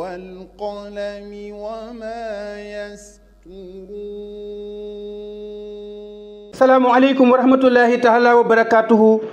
والقلم وما يسطرون السلام عليكم ورحمة الله تعالى وبركاته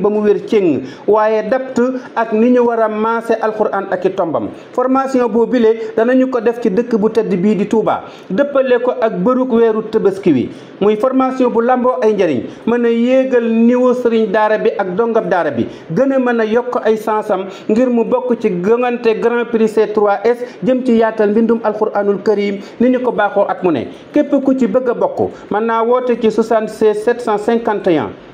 ba mu wér céng waaye dapt ak ni ñu war a maase alxuraan ak i tombam formation boo bile danañu ko def ci dëkk bu tedd bii di Touba dëppale ko ak bërug weeru tëbaski wi muy formation bu lamboo ay njëriñ mën a yéegal niveau sëriñ daara bi ak dongab daara bi gën a mën a yokk ay sansam ngir mu bokk ci gëngante grand prix C3S jëm ci yaatal mbindum alxuraanul karim ni ñu ko baaxoo ak mu ne képp ku ci bëgg a bokk mën naa woote ci 76 751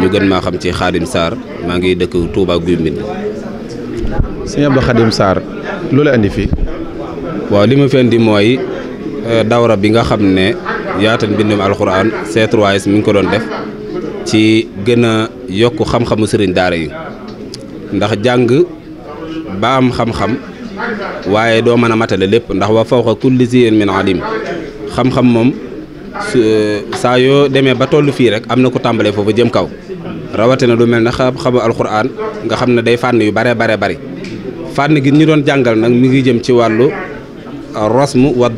ñu gën maa xam ci Xaadim Sarr maa ngi dëkk Touba Guy Mbind. sëñ Abdou Xaadim Sarr lu la andi fii. waaw li ma fen di mooy euh, dawra bi nga xam ne yaatal mbindum alxuraan C3S mi ngi ko doon def ci gën a yokk xam-xamu sëriñ daara yi ndax jàng ba am xam-xam waaye doo mën a matale lépp ndax wa fawqa kulli ziin min alim xam-xam moom euh, saa yoo demee ba tollu fii rek am na ko tàmbalee foofu jëm kaw rawatina lu mel ne xam-xamu alxuraan nga xam ne day fànn yu bare bare bari fànn gi ñu doon jàngal nag mu ngi jëm ci wàllu uh, rasmu wa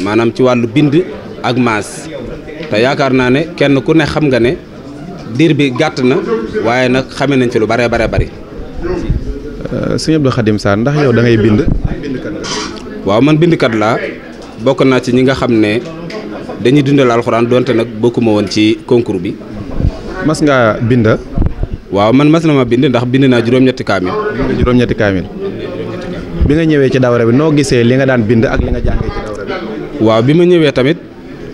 maanaam ci wàllu bind ak maas te yaakaar naa ne kenn ku ne xam nga ne diir bi gàtt na waaye nag xame nañ ci lu bare bare bari. Uh, sëñ Abdou Khadim Sarr ndax yow da ngay bind. waaw man bindkat laa bokk naa ci ñi nga xam ne dañuy dundal alxuraan donte nag bokkuma woon ci concours bi. mas ngaa bind. waaw man mas na ma bind ndax bind naa juróom-ñetti kaamil. juróom bi nga ñëwee ci dawra bi noo gisee li nga daan bind ak li nga jàngee waaw bi ma ñëwee tamit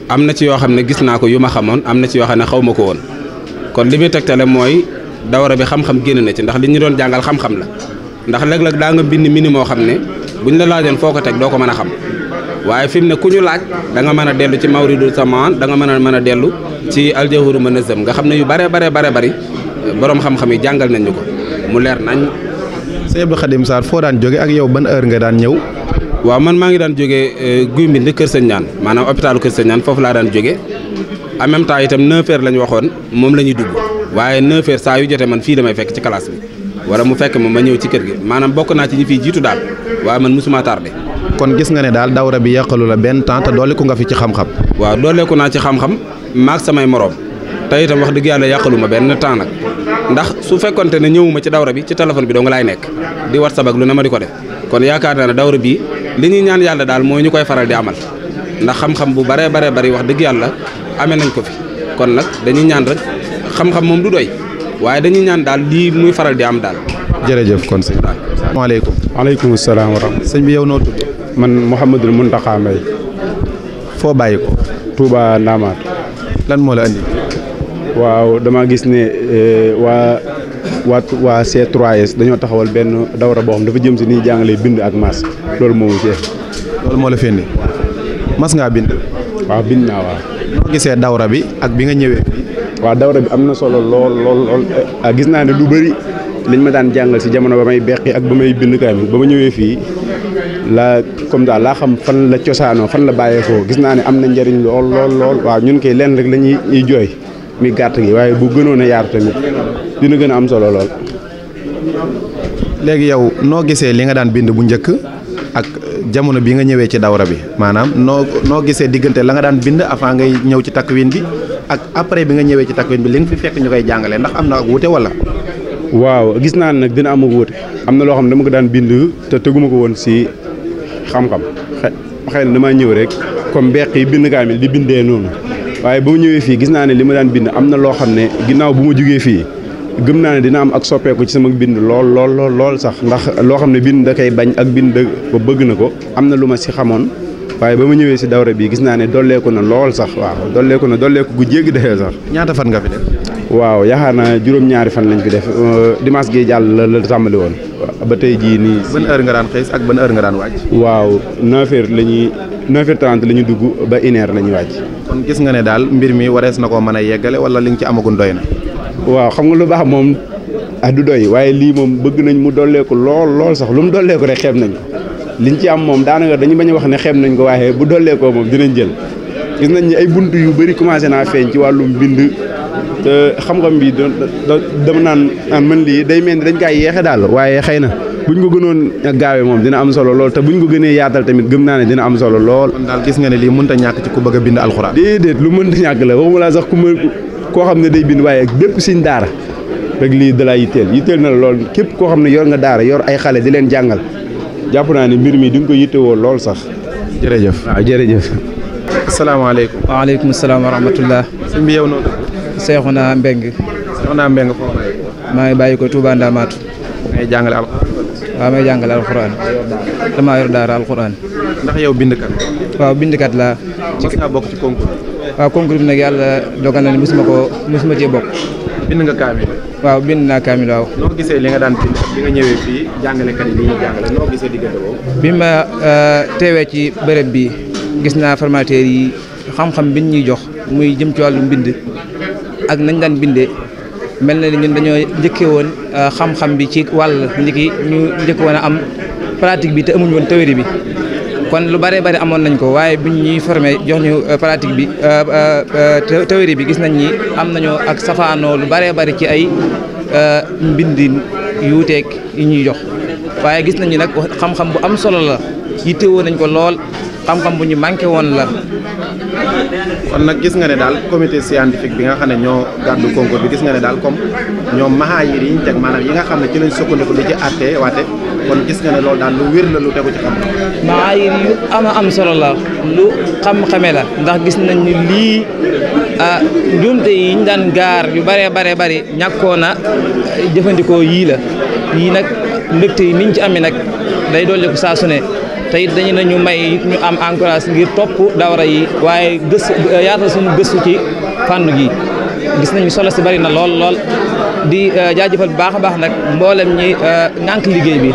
am na ci yoo xam ne gis naa ko yu ma xamoon am na ci yoo xam ne xaw ma ko woon kon li muy teg tegtale mooy dawra bi xam-xam génn na ci ndax li ñu doon jàngal xam-xam la ndax léeg-léeg daa nga bind mini moo xam ne buñ la laajoon foo ko teg doo ko mën a xam. waaye fi mu ne ku ñu laaj danga mën a dellu ci mawridu samaan danga nga mën a mën a dellu ci aljahuru manazam nga xam ne yu bare bare bare bari borom xam-xam yi jàngal nañ ñu ko mu leer nañ. sëñ Abdou Khadim Sarr foo daan jóge ak yow ban heure nga daan ñëw. waa man maa ngi daan jógee eh, Guy Mbind Kër Sëñ Ñaan maanaam hôpitalu Kër Sëñ Ñaan foofu laa daan jóge en même temps itam 9h la ñu waxoon moom la ñuy dugg waaye 9h saa yu jote man fii damay fekk ci classe bi mu fekk ma ma ñëw ci kër gi maanaam naa ñi fiy jiitu daal waaye man mosuma tardé. kon gis nga ne daal dawra bi yàqalu la benn temps te dooleeku nga fi ci xam-xam. waaw dooleeku naa ci xam-xam maag samay moroom te itam wax dëgg yàlla yàqalu ma benn temps nag ndax su fekkonte ne ñëwuma ci dawra bi ci téléphone bi dong laay nekk di whatsapp ak lu ne ma di ko def kon yaakaar naa ne dawra bii li ñuy ñaan yàlla daal mooy ñu koy faral di amal ndax xam-xam bu baree bare bari wax dëgg yàlla amee nañ ko fi kon nag dañuy ñaan rek xam-xam moom du doy waaye dañuy ñaan daal lii muy faral di am daal. jërëjëf kon sëñ bi. waaleykum. waaleykum salaam wa rahmatulah. sëñ bi yow noo man Mouhamadul Mountakha Mbaye foo bàyyi ko Touba Ndamaat lan moo la andi waaw dama gis ne eh, waa waa waa c 3 dañoo taxawal benn dawra boo xam dafa jëm si ni jàngale bind ak maas loolu moomu ci loolu moo la fendi mas ngaa bind waaw bind naa waaw noo gisee dawra bi ak bi nga ñëwee waaw dawra bi am na solo lool lool lool eh, ah, gis naa ne lu bari liñ ma daan jàngal si jamono ba may beqi ak ba may bind kaamil ba ma ñëwee fii la comme daal laa xam fan la cosaanoo fan la bàyyee bàyyeekoo gis naa ne am na njariñ lool lool lool waaw ñun kay lenn rek la ñuy jooy mi gàtt gi waaye bu gënoon a yaatu tamit dina gën a am solo lool. léegi yow noo gisee li nga daan bind bu njëkk ak jamono bi nga ñëwee ci dawra bi maanaam noo noo gisee diggante la nga daan bind avant ngay ñëw ci takk takwin bi ak après bi nga ñëwee ci takwin bi li fi fekk ñu koy jàngalee ndax am na ak wute wala. waaw gis naa nag dina am ak wóote am na loo xam ne dama ko daan bind te teguma ko woon si xam-xam xëy na damaa ñëw rek kon mbeq yi bind kaamil di bindee noonu waaye ba mu ñëwee fii gis naa ne li ma daan bind am na loo xam ne ginnaaw bu ma jugee fii gëm naa ne dina am ak soppeeku ci sama bind lool lool lool sax ndax loo xam ne bind da koy bañ ak bind ba bëgg na ko am na lu ma si xamoon waaye ba ma ñëwee si dawra bi gis naa ne dolleeku na lool sax waaw dolleeku na dolleeku gu jéggi defee sax. ñaata fan nga fi def. waaw yaakaar naa juróom-ñaari fan lañ fi def euh, dimanche gi jàll la la tàmbali woon. ba tey jii nii. ban heure nga daan xëy ak ban heure nga daan wàcc. waaw 9h la ñuy 9h30 la dugg ba 1h la ñuy wàcc. kon gis nga ne daal mbir mi warees na koo mën a yeggale wala li nga ci amagun doy na. waaw xam nga lu baax moom ah du doy waaye lii moom bëgg nañ mu dolleeku lool lool sax lu mu dolleeku rek xeeb nañ liñ ci am moom daanaka dañu bañ a wax ne xeeb nañ ko waaye bu dollee ko moom dinañ jël gis nañ ni ay bunt yu bëri commencé naa feeñ ci wàllum bind te xam-xam bi dama naan naan mën lii day mel ni dañ kaay yeexe daal waaye xëy na bu buñ ko gënoon gaawee moom dina am solo lool te buñ ko gënee yaatal tamit gëm naa ne dina am solo lool. daal gis nga ne lii mënta ñàkk ci ku bëgg a bind alxuraan. déedéet lu mënta ñàkk la waxuma sax ku koo xam ne day bind waaye bépp siñ daara rek lii da laa yitteel yitteel na la képp koo xam ne yor nga daara yor ay xale di leen jàngal jàpp naa ne mbir mi di nga ko yittewoo lool sax. jërëjëf waaw jërëjëf. asalaamaaleykum. waaleykum salaam wa Mbeng. maa ngi bàyyi ko Touba Ndamaatu. may jàngale alxuraan. waaw may alxuraan. damaa yor alxuraan. ndax yow bindkat. waaw bindkat laa. ci mos waaw concours bi nag yàlla dogal na ne mosuma koo mosuma cee bokk. bind nga kaamil. waaw bind naa kaamil waaw. noo gisee li nga daan bind bi nga ñëwee fii jàngalekat yi li ñuy jàngale noo gisee diggante boobu. bi ma euh, teewee ci bërëb bi gis naa formateur yi xam-xam biñ ñuy jox muy jëm ci wàllu mbind ak nañ daan bindee mel na ni ñun dañoo njëkkee woon euh, xam-xam bi ci wàll njëkki ñu njëkk woon a am pratique bi te amuñ woon théorie bi. kon lu bëree bëri amoon nañ ko waaye bu ñuy formé jox ñu euh, pratique bi euh, euh, théorie bi gis nañ ni am nañoo ak safaanoo lu bëree bëri ci ay mbindin yu teeg yi ñuy jox waaye gis nañu nag xam-xam bu am solo la yittewoo nañ ko lool xam-xam bu ñu manqué woon la kon nag gis nga ne daal comité scientifique bi nga xam ne ñoo gàddu concours bi gis nga ne daal comme ñoom maxaayir yi ñu teg maanaam yi nga xam ne ci lañ sukkandiku di ci àttee waate kon gis nga ne loolu daal lu wér la lu tegu ci xam maxaayir yu ama am solo la lu xam-xame la ndax gis nañ ni lii ah njuumte yi ñu daan gaar yu bare bare bari ñàkkoon a jëfandikoo yii la yii nag mbégte yi niñ ci amee nag day dolli ko saa su ne te it dañu nañu may ñu am encourage ngir topp dawra yi waaye gës yaatal suñu gësu ci fànn gi gis nañu solo si bari na lool lool di euh, jaajëfal bu baax a baax nag mboolem ñi euh, ŋànk liggéey bi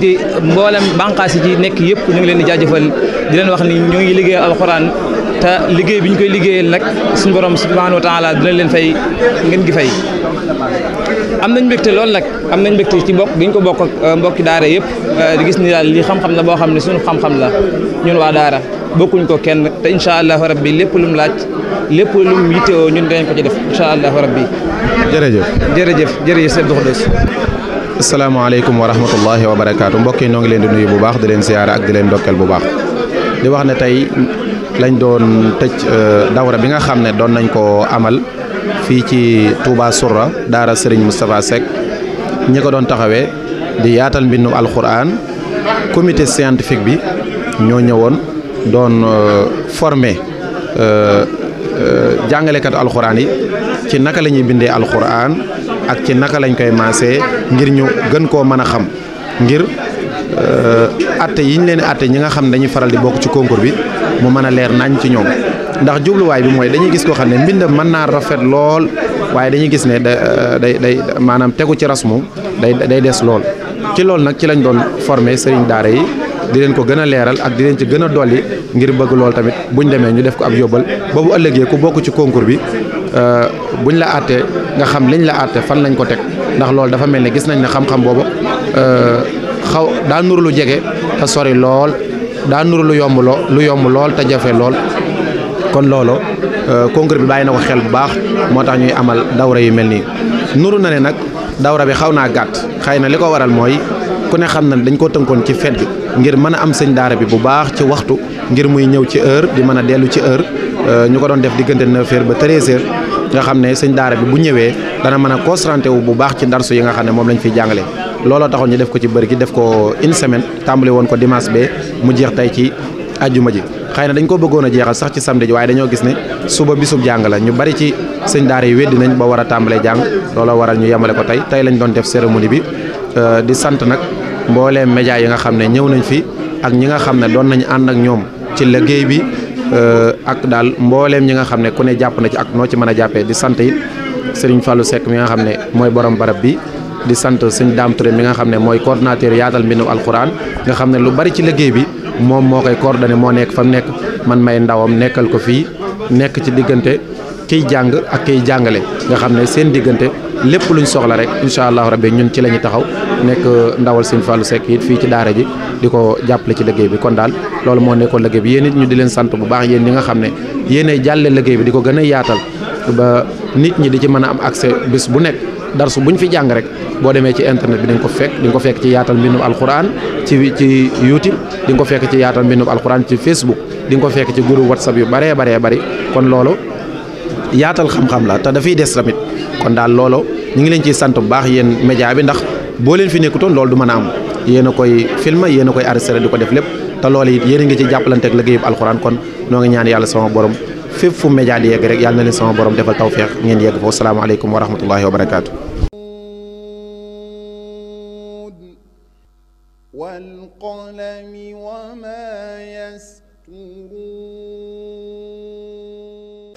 di mboolem bànqaas yi ci nekk yëpp ñu ngi leen di jaajëfal di leen wax ni ñoo ngi liggéey alxuraan te liggéey bi ñu koy liggéeyal nag suñu borom subhaanahu wa taala dina leen fay ngeen gi fay am nañ mbégte loolu nag am nañ mbégte ci bokk gi ñu ko bokk ak euh, mbokki daara yëpp euh, di gis ni daal lii xam-xam la boo xam ne suñu xam-xam la ñun waa daara bokkuñ ko kenn te incha allahu rabbi lépp lu mu laaj lépp lu mu yittewoo ñun dinañ ko ci def incha allahu rabbi. jërëjëf jërëjëf jërëjëf Seydou Khoudous. asalaamaaleykum wa rahmatullahi wa barakaatu mbokk yi ñoo ngi leen di nuyu bu baax di leen siyaara ak leen dokkeel bu baax wax ne tey lañ doon tëj euh, dawra bi nga xam ne doon nañ ko amal fii ci Touba Sourah daara Serigne Moustapha Seck ñi ko doon taxawee di yaatal mbindum alxuraan comité scientifique bi ñoo ñëwoon doon euh, formé euh, jàngalekat alxuraan yi ci naka la ñuy bindee alxuraan ak ci naka lañ koy maasee ngir ñu gën koo mën a xam ngir atte yi ñu leen atte ñi nga xam ne dañuy faral di bokk ci konkur bi mu mën a leer nañ ci ñoom ndax jubluwaay bi mooy dañuy gis koo xam ne mbindam mën naa rafet lool waaye dañuy gis ne da euh, day day maanaam tegu ci rasmu day day des lool ci loolu nag ci lañ doon formé sëriñ daara yi di leen ko gën a leeral ak di leen ci gën a dolli ngir bëgg lool tamit buñ demee ñu def ko ab yóbbal ba bu ëllëgee ku bokk ci konkur bi euh, buñ la àttee nga xam liñ la àttee fan lañ ko teg ndax loolu dafa mel ne gis nañ ne xam-xam boobu euh, xaw daa nuru jege sori lool. daa nuru lu yomb loo lu yomb lool te jafe lool kon loolu euh, congrès bi bàyyi na ko xel bu baax moo tax ñuy amal dawra yu mel nii nuru na ne nag dawra bi xaw naa gàtt xëy na li ko waral mooy ku ne xam na dañ koo tënkoon ci fet ngir mën a am sëñ daara bi bu baax ci waxtu ngir muy ñëw ci heure di mën a dellu ci heure euh, ñu ko doon def diggante 9h ba 13h nga xam ne sëñ daara bi bu ñëwee dana mën a concentré wu bu baax ci ndarsu yi nga xam ne moom lañ fiy jàngalee. looloo taxoon ñu def ko ci gi def ko une semaine tàmbali woon ko dimaas be mu jeex tey ci ajjuma ji xëy na dañ ko bëggoon a jeexal sax ci samedi ji waaye dañoo gis ne suba bisub jàng la ñu bari ci sëñ daara yi weddi nañ ba war a tàmbalee jàng looloo waral ñu yemale ko tey tey lañ doon def cérémonie bi euh, di sant nag mbooleem média yi nga xam ne ñëw nañ fi ak ñi nga xam ne doon nañu ànd ak ñoom ci liggéey bi euh, ak daal mbooleem ñi nga xam ne ku ne jàpp na ci ak noo ci mën a jàppee di sant it Serigne Fallou Seck nga xam ne mooy borom barab bi di sant sëñ Daam mi nga xam ne mooy coordonnateur yaatal mbindum alxuraan nga xam ne lu bari ci liggéey bi moom moo koy coordonné moo nekk fa mu nekk man may ndawam nekkal ko fii nekk ci diggante kiy jàng ak kiy jàngale nga xam ne seen diggante lépp luñ soxla rek incha allahu rabbi ñun ci la taxaw nekk ndawal sëñ Fallou sekk it fii ci daara ji di ko jàppale ci liggéey bi kon daal loolu moo nekkoo liggéey bi yéen it ñu di leen sant bu baax yéen ñi xam ne yéenay jàlle liggéey bi di ko gën a yaatal darsu buñ fi jàng rek boo demee ci internet bi di nga ko fekk di nga ko fekk ci yaatal mbindum alxuraan ci ci youtube di ko fekk ci yaatal mbindum alxuraan ci facebook di nga ko fekk ci groupe whatsapp yu baree baree bari kon loolu yaatal xam-xam la te dafay des tamit kon daal loolu ñu ngi leen ciy sant bu baax yéen média bi ndax boo leen fi nekkutoon loolu du mën a am yéen a koy film yéen a koy enregistré di ko def lépp te loolu it yéen a ngi ci jàppalanteeg liggéeyub alxuraan kon noo ngi ñaan yàlla sama borom fépp fu média di yegg rek yàlla na leen sama borom defal tawféex ngeen yegg foofu salaamaaleykum wa rahmatullahi wa barakaatu. wal qalami wa ma